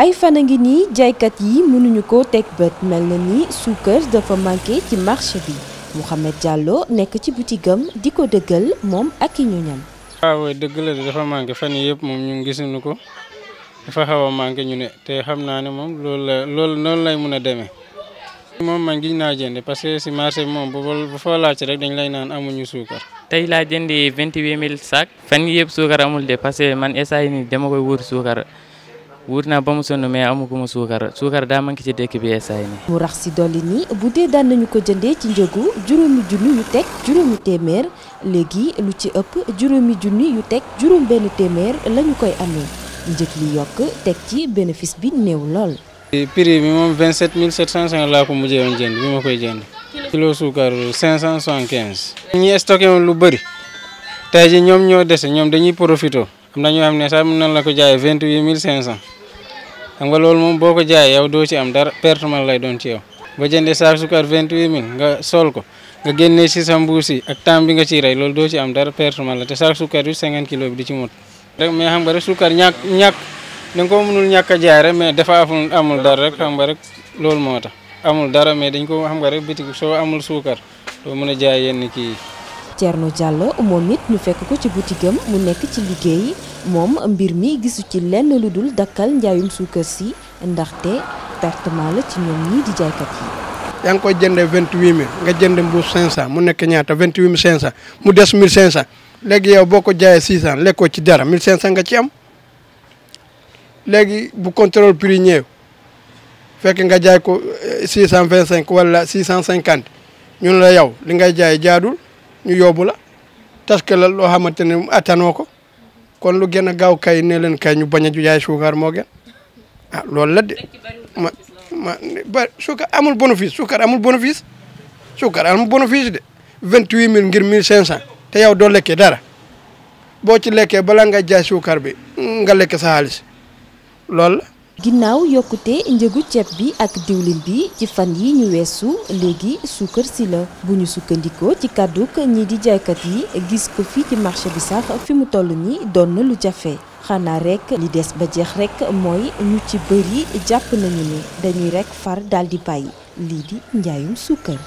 ay fan a ngi nii jaaykat yi mënuñu ko teg bët mel na ni suukar dafa manqué ci marché bi Mouhamed Diallo nekk ci butigam di ko dëggal moom ak i ñoñam. waaw dëgg la dafa manqué fan yii yëpp moom ñu gisuñu ko dafa xaw a manqué ñu ne te xam naa ne moom loolu la loolu noonu lay mun a demee. moom man giñ naa jënd parce que si marché bi moom bu fa laajte rek dañ lay naan amuñu suukar. tey laa jëndi vingt huit mille sac. fan yii yëpp suukar amul de parce que man instant yii nii dama koy wóor suukar. wut naa ba mu sonn mais amuguma suukar suukar daa manqué ci dëkk bi esaay ni mu rax si dolli ni bu daan nañu ko jëndee ci njëgu juróomi junni yu teg juróomi téeméer lu ci ëpp juróomi junni yu teg juróom benn téeméer lañu koy amee njëg li yokk teg ci bénéfice bi néew lool. prix bi moom 27 750 laa ko mujjee woon jënd bi ma koy jënd. kilo suukar 575. ñi stocké woon lu bëri tey ji ñoom ñoo dese ñoom dañuy profité am na ñoo xam ne sax mën na la ko mille 28 500. xam nga loolu moom boo ko jaayee yow doo ci am dara pertement lay doon ci yow ba jëndee saako sukar vingt huit mille nga sol ko nga génnee si sa mbuus yi ak temps bi nga ciy rey loolu doo ci am dara pertement la te saako sukar bi cinquante kilos bi di ci mot rek mais xam nga rek sukar ñàkk ñàkk da nga ko mënul ñàkk a jaay rek mais defaa amul amul dara rek xam nga loolu moo tax amul dara mais dañ ko xam nga rek bitig soo amul suukar doo mën a jaay yenn kii yi. Thierno Diallo moom it ñu fekk ko ci boutique am mu nekk mom mbir mi gisu ci lenn ludul dakal ndayum soukersi ndaxte pertement la ci ñom ñi di jay kat yi yang koy jënde 28000 nga jënde mbuu 500 mu nekk ñaata 28500 mu dess 1500 legi yow boko jaay 600 lekko ci dara 1500 nga ci am legi bu contrôle prix ñew fekk nga jaay ko 625 eh, wala 650 ñun la yow li nga jaay jaadul ñu yobula taske la lo xamanteni atanoko kon lu gën gaaw kay ne leen kay ñu bañ a jaay suukar moo gën ah loolu la de ma ma ba amul bénéfice suukar amul bénéfice suukar amul bénéfice de vingt huit mille ngir mil cinq cent te yow doo lekkee dara boo ci lekkee balaa ngay jaay suukar bi nga lekk sa xaalis loolu la ginnaaw yokkute njëgu ceeb bi ak diwlin bi ci fan yi ñu weesu léegi suukar si la bu ñu sukkandikoo ci kàdduk ñi di jaaykat yi gis ko fi ci marché bi sax fi mu toll ni doon na lu jafe xanaa rekk li des ba jeex rekk mooy ñu ci bëri jàpp nañu ni dañuy rekk far dal di bàyyi lii di njaayum suukar